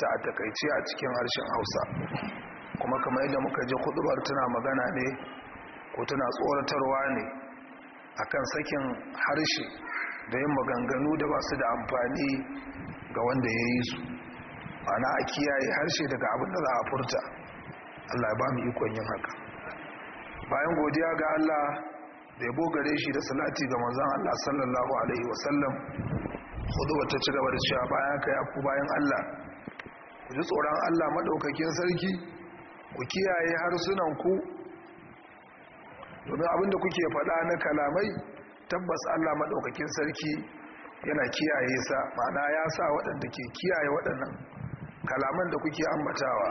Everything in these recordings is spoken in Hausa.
ta a takaice a cikin harshen hausa kuma kamar yadda muka ji kudubar tana magana ne ko tana tsoratarwa ne akan sakin harshe da yin maganganu da ba su da amfani ga wanda ya yi su ana a kiyaye harshe daga abin da za a furta allah ba mu ikon yin haka bayan godiya ga allah da ya bogare shi da salati ga manzan allah sallallahu alaihi wasallam hudu wata ci gaba da cewa bayan ka ya bayan allah ku ji tsoron allah maɗaukakin sarki ku kiyaye harsunanku domin abinda kuke faɗa na kalamai tabbas allah maɗaukakin sarki yana kiyaye sa ma'ana ya sa waɗanda ke kiyaye waɗannan kalaman da kuke ambatawa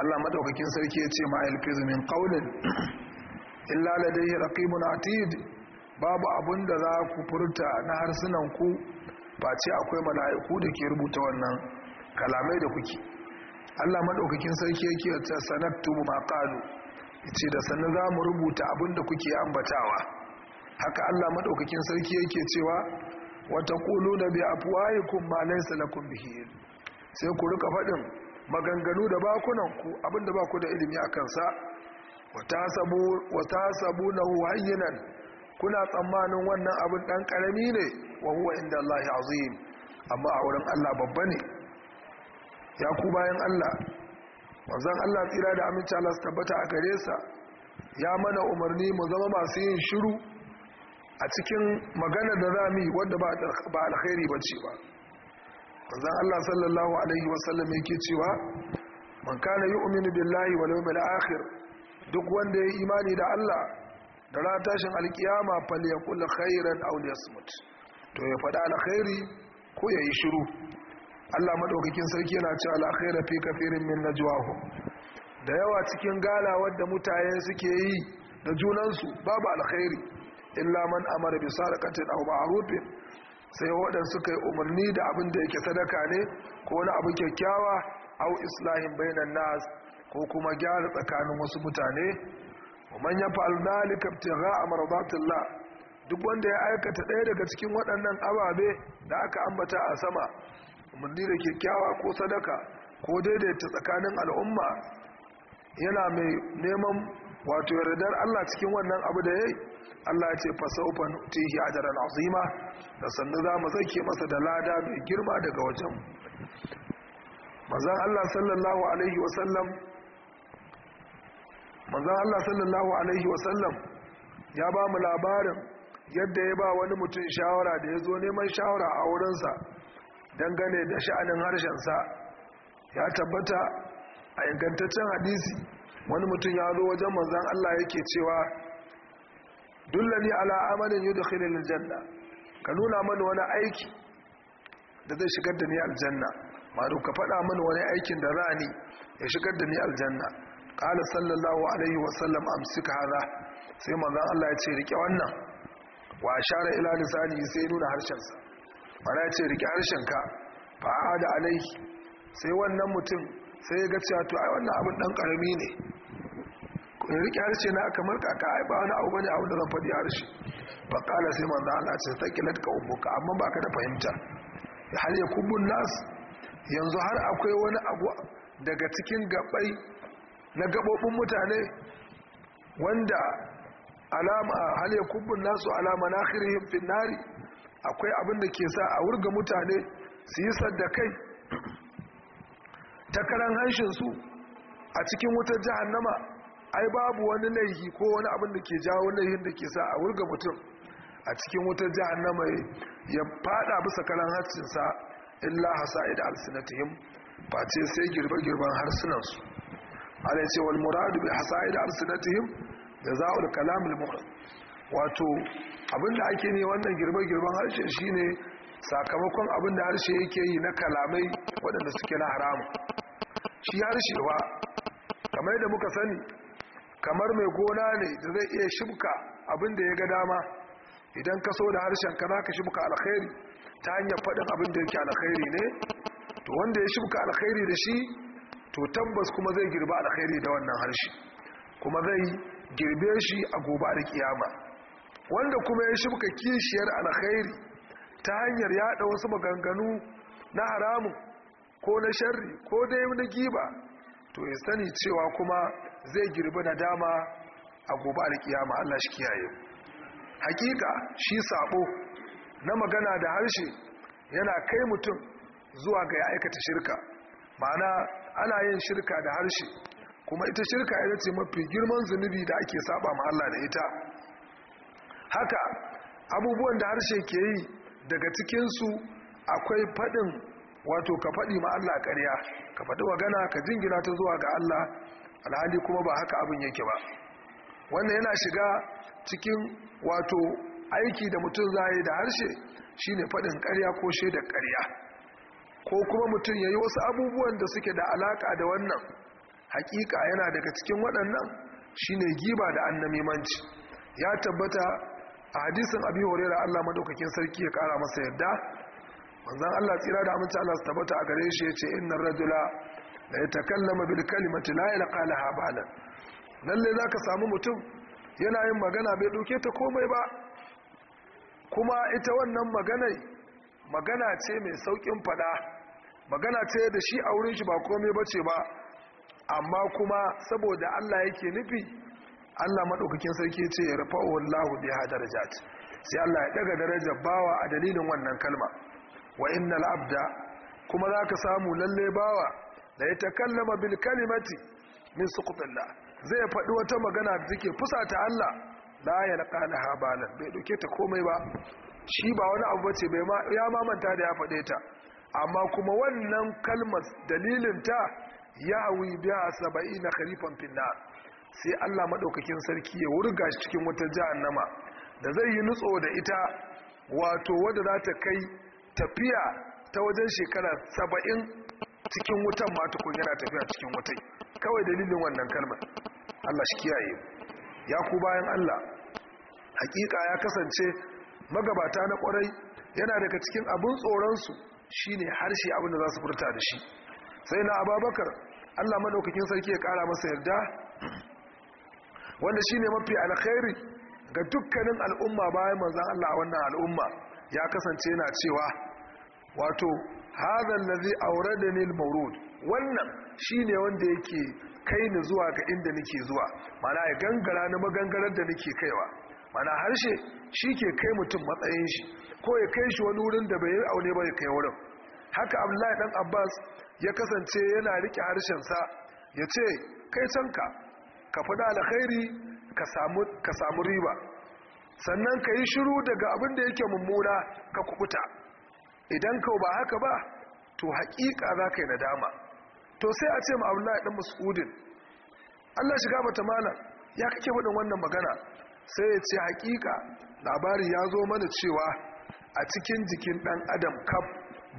allah maɗaukakin sarki ya ce ma'il min ƙaunin illa ladai raqibun atid babu abun da za ku furta na harsunanku ba ce akwai mala'iku da ke rubuta wannan kalamai da kuke Allah madaukakin sarki yake ta sanattu ma qalu yace da sannan za mu rubuta abin da kuke ambatawa haka Allah maɗaukakin sarki yake cewa wa taquluna bi afwaikum ma laysa lakum bihi sai ku rika fadin maganganu da bakunan ku abin da ba da ilimi akan sa wa na hayyinan kuna tsammanin wannan abin dan karami ne wa huwa inda Allah azim amma a wurin Allah babba ne ya ku bayan Allah wanzan Allah tsira da aminci Allah su tabbata a gare sa ya mana umarni mu zama masu yin shiru a cikin magana da rami wadda wanda ba alkhairi bace ba wanzan Allah sallallahu alaihi wasallam yake cewa man kana yu'minu billahi wal yawmil akhir duk wanda ya yi imani da Allah da ran tashin alkiyama falyakul khairan aw liyasmut to ya faɗa alkhairi ko ya yi shiru Allah madaukakin sarki yana cewa alkhaira fi kafirin min najwahu da yawa cikin gala wadda mutane suke yi da junansu babu alkhairi illa man amara bi sadaqatin aw ma'rufin sai waɗanda suka yi umarni da abin da yake sadaka ne ko wani abu kyakkyawa aw islahin bainan nas ko kuma gyara tsakanin wasu mutane man fa'al dalika ibtigha'a mardatillah duk wanda ya aikata ɗaya daga cikin waɗannan ababe da aka ambata a sama umarni da kyakkyawa ko sadaka ko daidaita tsakanin al'umma yana mai neman wato yardar Allah cikin wannan abu da yayi Allah ya ce tihi a ajran azima da sannu za mu zake masa da lada mai girma daga wajen manzon Allah sallallahu alaihi wasallam manzon Allah sallallahu alaihi wasallam ya ba mu labarin yadda ya ba wani mutum shawara da ya zo neman shawara a wurinsa dangane da sha'anin harshensa ya tabbata a ingantaccen hadisi wani mutum ya zo wajen manzan Allah yake cewa dullani ala amalin yudkhilul janna ka nuna mani wani aiki da zai shigar da ni aljanna ma'ruf ka faɗa mani wani aikin da rani ya shigar da ni aljanna kala sallallahu alaihi wa sallam amsika hada sai manzan Allah ya ce rike wannan wa shara ila lisani sai nuna harshensa fara ya ce riƙe harshenka fa'a da alai sai wannan mutum sai ya gaci to ai wannan abin ɗan ƙarami ne kuma riƙe harshe na kamar kaka ai ba wani abu bane abin da zan faɗi harshe ba ƙala sai manzo Allah ce ta kilat ka amma ba ka da fahimta hal ya kubun nas yanzu har akwai wani abu daga cikin gabai na gabobin mutane wanda alama hal ya kubun nasu alama na akhirihim fi nari akwai abin da ke sa a wurga mutane su yi kai ta karan hanshinsu a cikin wutar jahannama ai babu wani laihi ko wani abin da ke jawo laihin da ke sa a wurga mutum a cikin wutar jahannama ya fada bisa karan hancinsa illa hasa'id alsinatihim ce sai girbe-girben harsunansu alai ce wal muradu bi hasa'id alsinatihim da za'ul kalam al wato abinda ake ne wannan girbe-girben harshe shine sakamakon abinda harshe yake yi na kalamai waɗanda suke na haramu shi harshe kamar da muka sani kamar mai gona ne da zai iya shibka abinda ya ga dama idan ka so da harshen ka za ka shibka alkhairi ta hanyar faɗin abinda yake alkhairi ne to wanda ya shibka alkhairi da shi to tabbas kuma zai girba alkhairi da wannan harshe kuma zai girbe shi a gobe da kiyama wanda kuma ya shuka kishiyar alkhairi ta hanyar yada wasu maganganu na haramun ko na sharri ko dai na giba to ya sani cewa kuma zai girbi na dama a gobe alkiyama Allah shi kiyaye hakika shi sabo na magana da harshe yana kai mutum zuwa ga ya aikata shirka ma'ana ana yin shirka da harshe kuma ita shirka ita ce mafi girman zunubi da ake saba ma Allah da ita haka abubuwan da harshe ke yi daga cikinsu akwai faɗin wato ka faɗi ma Allah ƙarya ka faɗi magana ka jingina ta zuwa ga Allah alhali kuma ba haka abin yake ba wannan yana shiga cikin wato aiki da mutum zai da harshe shine faɗin ƙarya ko shaidar ƙarya ko kuma mutum yayi wasu abubuwan da suke da alaƙa da wannan hakika yana daga cikin waɗannan shine giba da annamimanci ya tabbata a hadisin abi horera allah madaukakin sarki ya kara masa yadda wanzan allah tsira da amince allah su tabbata a gare shi ya ce innan rajula da ya takallama bil kalimati la ya laƙala lalle za ka samu mutum yana yin magana bai doke ta komai ba kuma ita wannan magana magana ce mai saukin faɗa magana ce da shi a wurin shi ba komai ba ce ba amma kuma saboda allah yake nufi Allah madaukakin sarki ce ya Allah wallahu hadar jat sai Allah ya ɗaga darajar bawa a dalilin wannan kalma wa innal abda kuma zaka samu lalle bawa da ya kallama bil kalimati min suqtillah zai faɗi wata magana da take fusata Allah la yalqa laha balan bai ɗauke ta komai ba shi ba wani abu bace bai ma ya mamanta da ya faɗe ta amma kuma wannan kalmar dalilin ta ya awi biya a saba'ina khalifan finna sai Allah maɗaukakin sarki ya wurga shi cikin wata jahannama da zai yi nutso da ita wato wadda za ta kai tafiya ta wajen shekara saba'in cikin wutan ma tukun yana tafiya cikin wutai kawai dalilin wannan kalma. Allah shi kiyaye ya ku bayan Allah hakika ya kasance magabata na kwarai yana daga cikin abin su shine harshe abin da za su furta da shi sai na ababakar Allah madaukakin sarki ya kara masa yarda wanda shi ne mafi alkhairi ga dukkanin al'umma bayan manzan Allah wannan al'umma ya kasance yana cewa wato zai aure da al maurod wannan ne wanda yake kai ni zuwa ga inda nake zuwa mana ya gangara na magangarar da nake kaiwa mana harshe shi ke kai mutum matsayin shi ko ya kai shi wani wurin da bai yi aune ba ya kai wurin haka abdullahi dan abbas ya kasance yana rike harshensa ya ce kai canka ka fi da alkhairi ka samu riba sannan ka yi shiru daga abin da yake mummuna ka kubuta idan ka ba haka ba to haƙiƙa za ka yi nadama to sai a ce ma ya ɗan mas'udin allah shiga bata mana ya kake waɗin wannan magana sai ya ce haƙiƙa labari ya zo mana cewa a cikin jikin ɗan adam kaf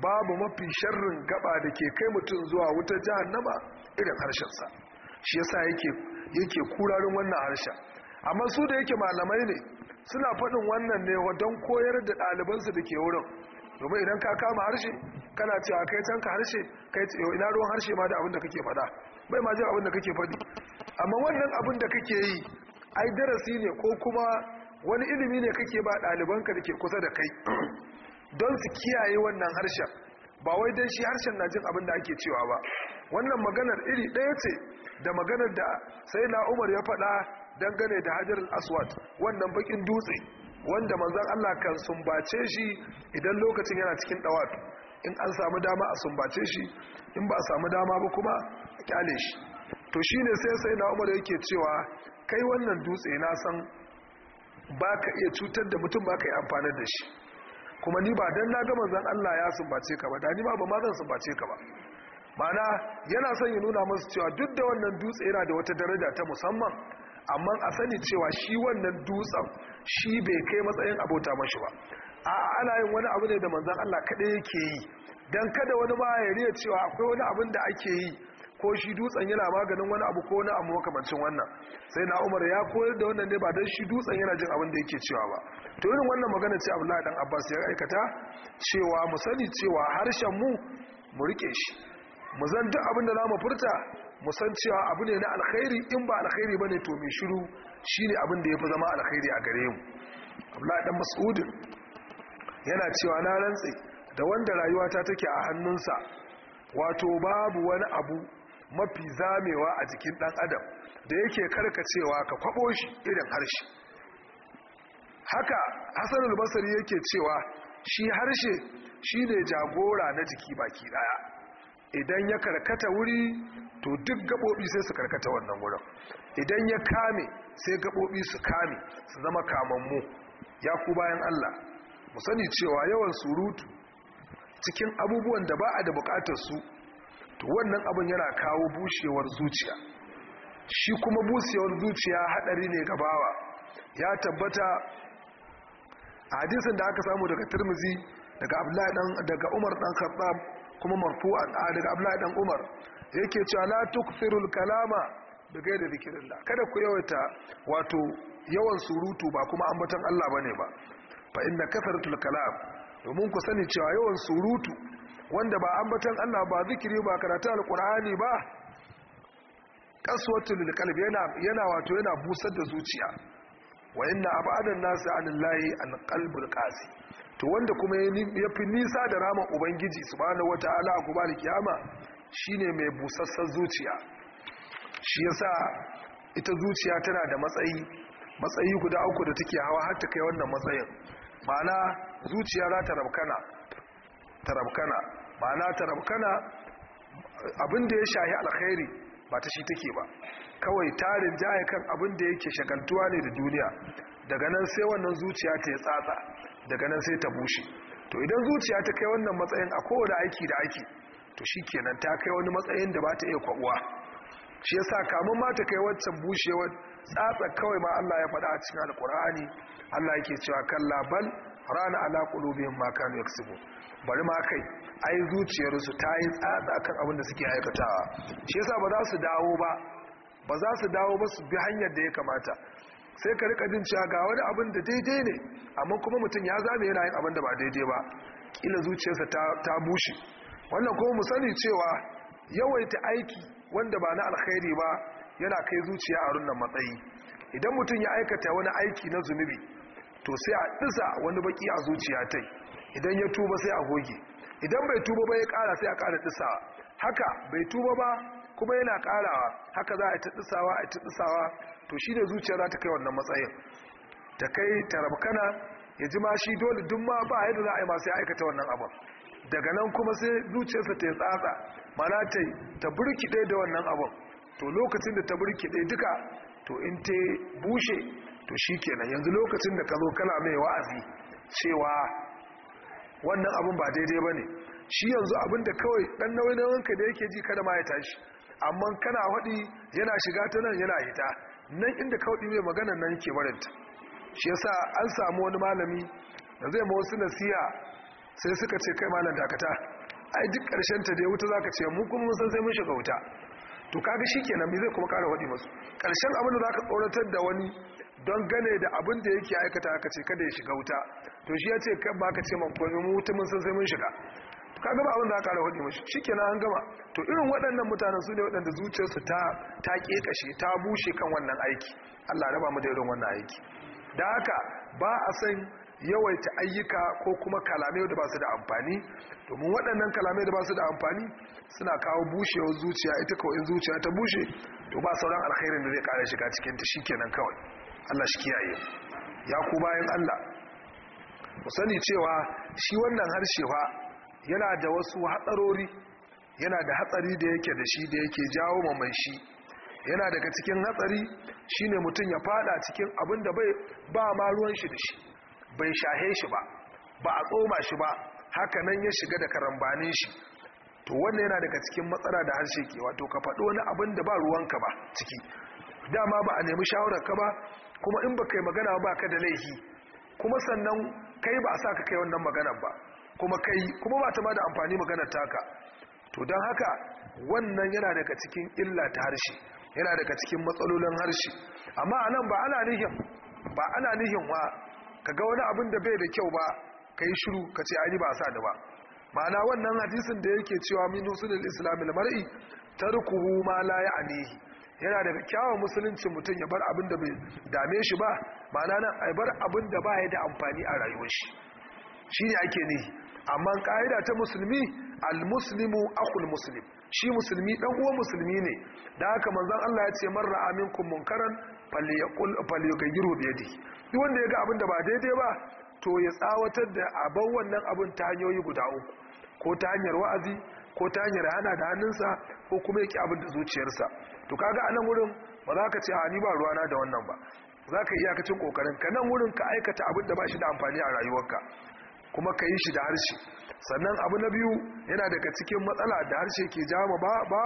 babu mafi sharrin gaba da ke kai mutum zuwa wutar jahannama irin harshensa shi yasa yake yake kurarin wannan harshen amma su da yake malamai ne suna faɗin wannan ne don koyar da ɗalibansu da ke wurin domin idan ka kama harshe kana cewa kai can ka harshe kai ina ruwan harshe ma da abin da kake faɗa bai ma jin abin da kake faɗi amma wannan abin da kake yi ai darasi ne ko kuma wani ilimi ne kake ba ɗalibanka da ke kusa da kai don su kiyaye wannan harshen ba wai don shi harshen na jin abin da ake cewa ba wannan maganar iri ɗaya ce da maganar da sai na umar ya faɗa dangane da hajar aswad wannan bakin dutse wanda manzan allah kan sumbace shi idan lokacin yana cikin ɗawatu in an samu dama a sumbace shi in ba a samu dama ba kuma a kyale shi to shi ne sai sai na umar yake cewa kai wannan dutse na san ba ka iya cutar da mutum ba ka yi amfanar da shi kuma ni ba don na ga manzan allah ya sumbace ka ba da ni ba ba ma zan sumbace ka ba mana yana son ya nuna masu cewa duk da wannan dutse yana da wata daraja ta musamman amma a sani cewa shi wannan dutsen shi bai kai matsayin abota mashi ba a ana yin wani abu ne da manzan Allah kaɗai yake yi don kada wani ma ya riya cewa akwai wani abin da ake yi ko shi dutsen yana maganin wani abu ko wani abu makamancin wannan sai na umar ya koyar da wannan ne ba don shi dutsen yana jin abin da yake cewa ba to irin wannan magana ce abdullahi dan abbas ya aikata cewa mu sani cewa harshen mu mu rike shi mu zan duk abin da zamu furta mu san cewa abu ne na alkhairi in ba alkhairi bane to me shiru shine abin da yafi zama alkhairi a gare mu Abdullahi dan Mas'ud yana cewa na rantsi da wanda rayuwata take a hannunsa wato babu wani abu mafi zamewa a jikin dan adam da yake karkacewa ka kwabo shi irin harshe haka Hassan al-Basri yake cewa shi harshe shine jagora na jiki baki daya idan ya karkata wuri to duk gaɓoɓi sai su karkata wannan wurin idan ya kame sai gaɓoɓi su kame su zama kamammu ya ku bayan allah mu sani cewa yawan surutu cikin abubuwan da ba a da bukatar su to wannan abin yana kawo bushewar zuciya shi kuma bushewar zuciya haɗari ne gabawa ya tabbata hadisin da aka samu daga turmuzi daga abdullahi daga umar ɗan khattab kuma marfu'an a daga abdullahi dan umar da yake cewa la tukthirul kalama da zikirin da kada ku yawaita wato yawan surutu ba kuma ambaton Allah bane ba fa inna kathratul kalam domin ku sani cewa yawan surutu wanda ba ambaton Allah ba zikiri ba karatu alqur'ani ba lil qalbi yana yana wato yana busar da zuciya wa inna abadan nasi anillahi qalbul qasi to wanda kuma ya fi nisa da raman ubangiji su wata ala a da kiyama ne mai busassar zuciya shi ya sa ita zuciya tana da matsayi matsayi guda uku da take hawa har ta kai wannan matsayin ma'ana zuciya za ta rabkana ta rabkana ma'ana ta rabkana abinda ya shahi alkhairi ba ta shi take ba kawai tarin jaya kan abinda yake shagaltuwa ne da duniya daga nan sai wannan zuciya ta ya tsatsa daga nan sai ta bushe to idan zuciya ta kai wannan matsayin a kowane aiki da aiki to shi kenan ta kai wani matsayin da ba ta iya kwabuwa shi ya sa kamun ma ta kai wancan bushewar tsatsar kawai ma Allah ya faɗa a cikin alkur'ani Allah yake cewa kan labal rana ala qulubihim ma kanu bari ma kai ai zuciyarsu ta yi tsatsa kan abin da suke aikatawa shi yasa ba za su dawo ba ba za su dawo ba su bi hanyar da ya kamata sai ka rika jin cewa ga wani abin da daidai ne amma kuma mutum ya zame yana yin abin da ba daidai ba kila zuciyarsa ta bushe wannan kuma mu sani cewa yawaita aiki wanda ba na alkhairi ba yana kai zuciya a runnan matsayi idan mutum ya aikata wani aiki na zunubi to sai a ɗisa wani baki a zuciya tai idan ya tuba sai a goge idan bai tuba ba ya kara sai a kara disa haka bai tuba ba kuma yana karawa haka za a yi a ta tsawa to shi da zuciya za ta kai wannan matsayin ta kai tarabkana ya ji ma shi dole duk ma ba yadda za a yi masu aikata wannan abin daga nan kuma sai zuciyarsa ta yi tsatsa mana ta ta ɗaya da wannan abin to lokacin da ta ɗaya duka to in ta bushe to shi kenan yanzu lokacin da ka zo kana mai wa'azi cewa wannan abin ba daidai ba ne shi yanzu abin da kawai ɗan nauyi ka da yake ji kada ma ya tashi amma kana waɗi yana shiga ta nan yana hita nan inda ka waɗi mai magana nan ke barinta shi yasa an samu wani malami da zai mawasu nasiya sai suka ce kai malam dakata ai duk ƙarshen ta dai wuta za ka ce mu kuma mun san sai mun shiga wuta to kaga shi ke nan zai kuma kara waɗi masu ƙarshen abin da za ka tsoratar da wani don gane da abin da yake aikata ka ce kada ya shiga wuta to shi ya ce kan ba ka ce man kwanu mu wuta mun san sai mun shiga ka gaba abin da aka kara hudu mashi shi kenan an gama to irin waɗannan mutanen su ne waɗanda zuciyarsu ta ta ƙeƙashe ta bushe kan wannan aiki allah raba mu da irin wannan aiki da haka ba a san yawaita ayyuka ko kuma kalamai da ba su da amfani domin waɗannan kalamai da ba su da amfani suna kawo bushewar zuciya ita in zuciya ta bushe to ba sauran alkhairin da zai ƙara shiga cikin ta shi kenan kawai allah shi kiyaye ya ku bayan allah mu sani cewa shi wannan harshewa. yana da wasu hatsarori yana da hatsari da yake da shi da yake jawo ma mai shi yana daga cikin hatsari shine mutum ya fada cikin abin da bai ba ma ruwan shi da shi bai shahe shi ba ba a tsoma shi ba haka nan ya shiga da karambanin shi to wannan yana daga cikin matsala da harshe ke wato ka faɗi wani abin da ba ruwanka ba ciki dama ba a nemi shawararka ba kuma in ba kai magana ba ka da laifi kuma sannan kai ba a sa ka kai wannan maganar ba kuma kai kuma ba ta ma da amfani maganar taka to don haka wannan yana daga cikin illa ta harshe yana daga cikin matsalolin harshe amma a nan ba ana nihin ba ana nihin wa ka ga wani abin da bai da kyau ba ka yi shiru ka ce ai ba sa da ba ma'ana wannan hadisin da yake cewa minu sunan islami ta mar'i tarkuhu ma la anihi yana daga kyawun musulunci mutum ya bar abin da bai dame shi ba ma'ana nan ai bar abin da ba ya da amfani a rayuwar shi Shi ne ake nihi amma ka'ida ta musulmi almuslimu akul muslim shi musulmi dan uwa musulmi ne da haka manzon Allah ya ce marra aminkum munkaran falyaqul falyughayyiru bi yadihi duk wanda ya ga abin da ba daidai ba to ya tsawatar da abin wannan abin ta hanyoyi guda uku ko ta hanyar wa'azi ko ta hanyar hana da hannunsa ko kuma yake abin da zuciyarsa to kaga a nan wurin ba za ka ce a ni ba ruwana da wannan ba za ka cin kokarin ka nan wurin ka aikata abin da ba shi da amfani a rayuwarka kuma ka yi shi da harshe sannan abu na biyu yana daga cikin matsala da harshe ke jama bawa ba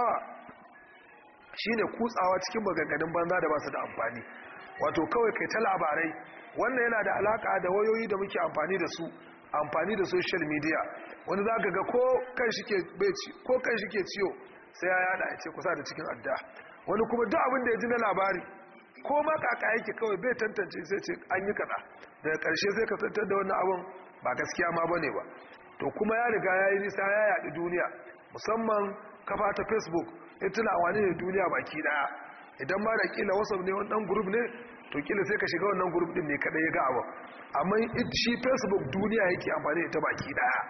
shine kutsawa cikin maganganun banza da basu da amfani wato kawai kai ta labarai wannan yana da alaka da wayoyi da muke amfani da su amfani da social media wani za ga ko kan shi ke beci ko kan shi ke ciyo sai ya yada ya ce kusa da cikin adda wani kuma duk abin da ya ji na labari ko ma kaka yake kawai bai tantance sai ce an yi kaza daga karshe sai ka tantar da wannan abin ba gaskiya ma bane ba to kuma ya riga ya yi nisa ya yaɗi duniya musamman kafa ta facebook tana wani ne duniya baki daya idan ma da kila wasu ne wani dan group ne to kila sai ka shiga wannan group din ne kadai ya ga abu amma shi facebook duniya yake amfani da ta baki daya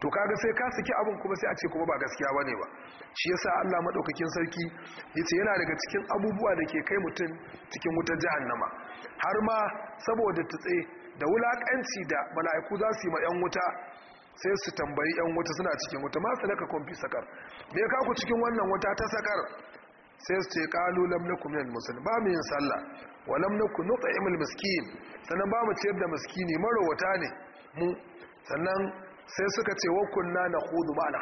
to kaga sai ka saki abun kuma sai a ce kuma ba gaskiya ba ne ba shi yasa Allah madaukakin sarki yace yana daga cikin abubuwa da ke kai mutum cikin wutar jahannama har ma saboda tutse da wulakanci da mala'iku za su yi wa 'yan wuta sai su tambayi 'yan wuta suna cikin wuta ma su kwamfi sakar me ya kaku cikin wannan wuta ta sakar sai su ce kalu lamnaku min musulmi ba mu yin sallah wa lamnaku nut'imul miskin sannan ba mu ciyar da miskini wuta ne mu sannan sai suka ce wa kunna hudu ma al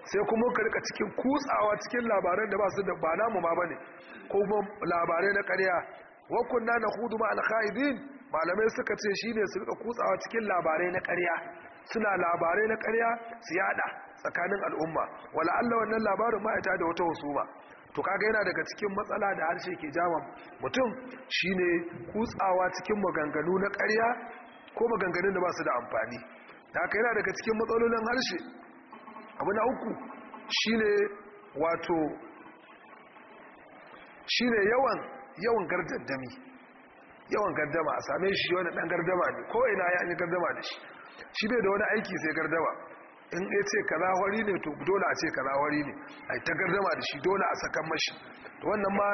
sai kuma ka rika cikin kutsawa cikin labaran da ba su da ba namu ma bane ko labarai na ƙarya wa kunna hudu ma al khaidin malamai suka ce shi ne su rika kutsawa cikin labarai na ƙarya suna labarai na ƙarya su yada tsakanin al'umma wala Allah wannan labarin ita da wata husuma to kaga yana daga cikin matsala da harshe ke jawo mutum shine kutsawa cikin maganganu na ƙarya ko maganganun da ba su da amfani da haka yana daga cikin matsalolin harshe abu na uku shine wato shine yawan yawan gardandami yawan gardama a same shi wani dan gardama ne ko ina ya yi gardama da shi shi bai da wani aiki sai gardama in ya ce kaza wari ne to dole a ce kaza wari ne a ta gardama da shi dole a sakan mashi wannan ma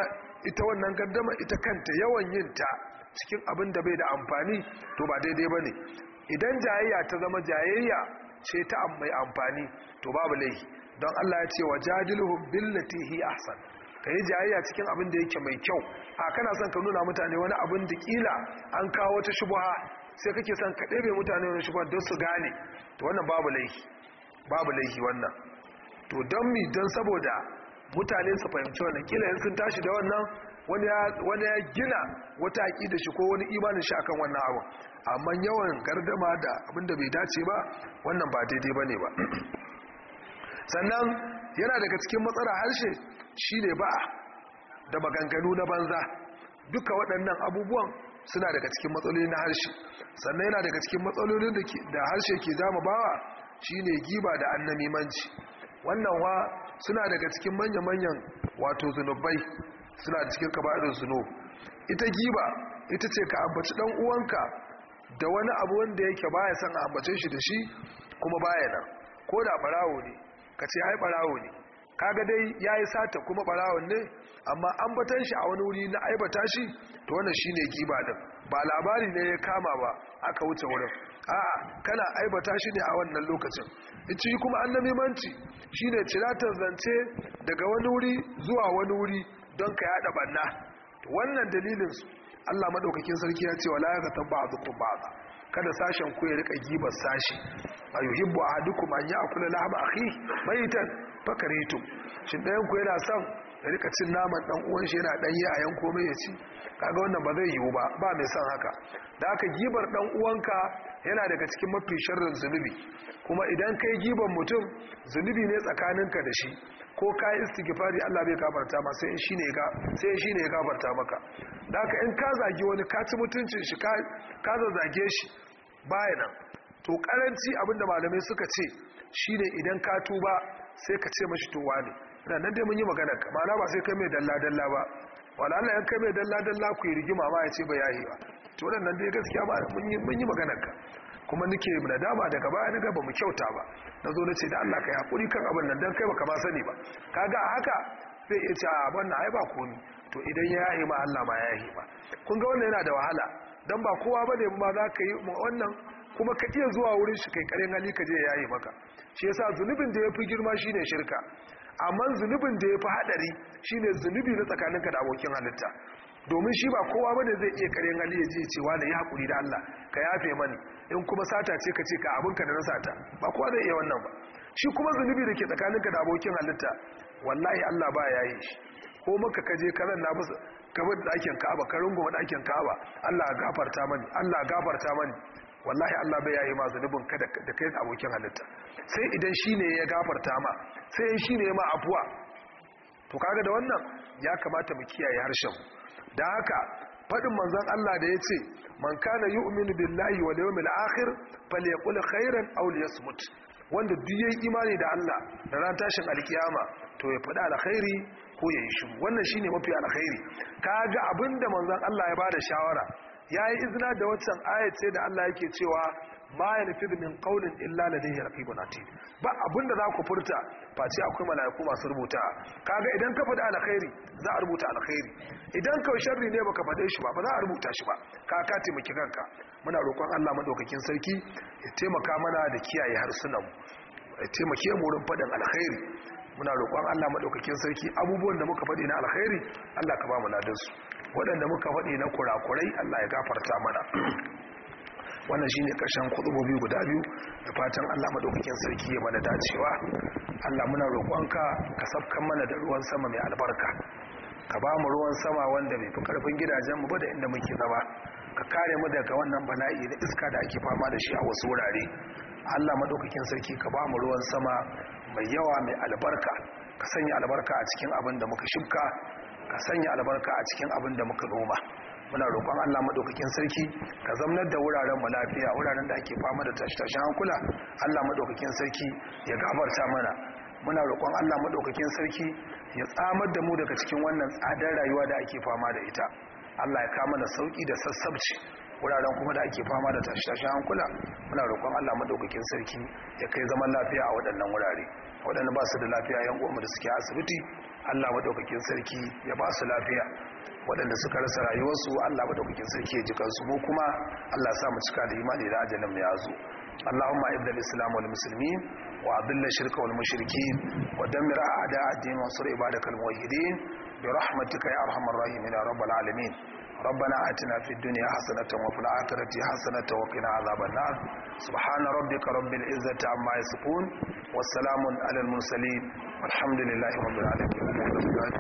ita wannan gardama ita kanta yawan yin ta cikin abin da bai da amfani to ba daidai ba ne idan jayayya ta zama jayayya ce ta mai amfani to babu laihi don allah ya ce wa jadiluhum billati hi ahsan ka yi jayayya cikin abin da yake mai kyau a kana son ka nuna mutane wani abin da kila an kawo wata shubuha sai kake son ka ɗebe mutane wani shubuha don su gane to wannan babu laifi babu laifi wannan to don mi don saboda mutane su fahimci wannan kila yin sun tashi da wannan wani ya gina wata haƙi da shi ko wani imanin shi akan wannan abu amma yawan gardama da abin da bai dace ba wannan ba daidai ba ne ba sannan yana daga cikin matsalar harshe shi ne ba'a da maganganu na banza duka waɗannan abubuwan suna daga cikin matsaloli na harshe sannan yana daga cikin matsalolin da harshe ke dama bawa shi ne giba da annamimanci wannan wa suna daga cikin manya-manyan wato zunubai suna da cikin kabarin zuno ita giba ita ce ka ambaci dan uwanka da wani abu wanda yake baya son a ambace shi da shi kuma baya ko da barawo ne ka ce ai barawo ne kaga dai yayi sata kuma barawon ne amma an batan shi a wani wuri na aibata shi to wannan shine giba din ba labari ne ya kama ba aka wuce wurin a'a kana aibata shi ne a wannan lokacin yi kuma an annabi Shi ne ciratar zance daga wani wuri zuwa wani wuri don ka yada banna wannan dalilin Allah madaukakin sarki ya ce wala ya zata ba'dukum kada sashen ku ya rika gibar sashi a kuma a kula lahaba a ya'kula mai ta maitan fakaritum shi ɗayan ku yana son ya rika cin naman ɗan uwan shi yana ɗan a yanko mai ya ci kaga wannan ba zai yiwu ba ba mai son haka da aka gibar dan uwanka yana daga cikin mafi sharrin zunubi kuma idan kai gibar mutum zunubi ne tsakaninka da shi ko ka yi istighfari Allah bai gafarta ma sai shine ga sai shine ya gafarta maka da aka in ka zage wani ka ci mutuncin shi ka zage shi bayanan to karanci abinda malamai suka ce shine idan ka tuba sai ka ce mashi to wani da nan dai mun yi magana mana ba sai kai mai dalla dalla ba wala Allah yan kai mai dalla dalla ku yi rigima ma ya ce ba yi ba to nan dai gaskiya ba mun yi mun magana ka kuma nake dama daga baya daga ba mu kyauta ba nazo nace da Allah kai hakuri kan abin nan dan kai baka ma sani ba kaga haka sai ya ce a wannan ai ba komi to idan ya yi ma Allah ma ya yi ma kun ga wannan yana da wahala don ba kowa ba ne ba za ka yi wannan kuma ka iya zuwa wurin shi kai karin hali ka je ya yi maka shi yasa zunubin da ya fi girma shi ne shirka amma zunubin da ya fi haɗari ne zunubi na tsakaninka da abokin halitta domin shi ba kowa ba ne zai iya karin hali ya je cewa da ya haƙuri da Allah ka yafe mani in kuma sata ce ka ce ka abinka da na sata ba kowa zai iya wannan ba shi kuma zunubi da ke tsakaninka da abokin halitta wallahi Allah ba ya yi shi ko maka je ka zanna musu kamar da ɗakin ka'aba ka runguma ɗakin ka'aba Allah gafarta mani Allah gafarta mani wallahi Allah bai yayi masu zunubin ka da kai abokin halitta sai idan shine ya gafarta ma sai shine ma afuwa to kaga da wannan ya kamata mu kiyaye harshen da haka fadin manzon Allah da yace man kana yu'minu billahi wal yawmil akhir falyaqul khairan aw liyasmut wanda duk yayi imani da Allah da ran tashin alkiyama to ya faɗa alkhairi ko ya yi shiru wannan shi ne mafi alkhairi ka ga abin da manzan Allah ya bada shawara ya yi izina da waccan ayat da Allah yake cewa ma ya nufi min ƙaunin illa da dai rafi gunati ba abin da za ku furta face akwai mala'iku masu rubuta kaga idan ka faɗi alkhairi za a rubuta alkhairi idan kawai sharri ne baka faɗe shi ba ba za a rubuta shi ba ka ka taimaki kanka muna roƙon Allah madaukakin sarki ya taimaka mana da kiyaye harsunan mu ya taimake mu wurin faɗin alkhairi muna roƙon Allah maɗaukakin sarki abubuwan da muka faɗi na alkhairi Allah ka ba mu ladan waɗanda muka faɗi na kurakurai Allah ya gafarta mana wannan shine karshen kudubobi guda biyu da fatan Allah maɗaukakin sarki ya mana dacewa Allah muna roƙonka ka ka sabkan mana da ruwan sama mai albarka ka ba mu ruwan sama wanda bai fi karfin gidajenmu ba da inda muke zama ka kare mu daga wannan bala'i na iska da ake fama da shi a wasu wurare Allah maɗaukakin sarki ka ba mu ruwan sama mai yawa mai albarka ka sanya albarka a cikin abin da muka shibka ka sanya albarka a cikin abin da muka noma muna roƙon Allah madaukakin sarki ka zamnar da wuraren mu lafiya wuraren da ake fama da tashi-tashin hankula Allah madaukakin sarki ya gafarta mana muna roƙon Allah madaukakin sarki ya tsamar da mu daga cikin wannan tsadar rayuwa da ake fama da ita Allah ya kama da sauki da sassabci wuraren kuma da ake fama da tashi-tashin hankula muna roƙon Allah madaukakin sarki ya kai zaman lafiya a waɗannan wurare waɗanda ba su da lafiya yan uwanmu da suke asibiti allah maɗaukakin sarki ya ba su lafiya waɗanda suka rasa rayuwarsu allah maɗaukakin sarki ya kansu mu kuma allah sa mu cika da imani da ajalin mu ya zo اللهم اعز الاسلام والمسلمين واذل الشرك والمشركين ودمر اعداء الدين وانصر عبادك الموحدين برحمتك يا ارحم الراحمين يا رب العالمين ربنا آتنا في الدنيا حسنة وفي الآخرة حسنة وقنا عذاب النار سبحان ربك رب العزة عما يصفون والسلام على المرسلين والحمد لله رب العالمين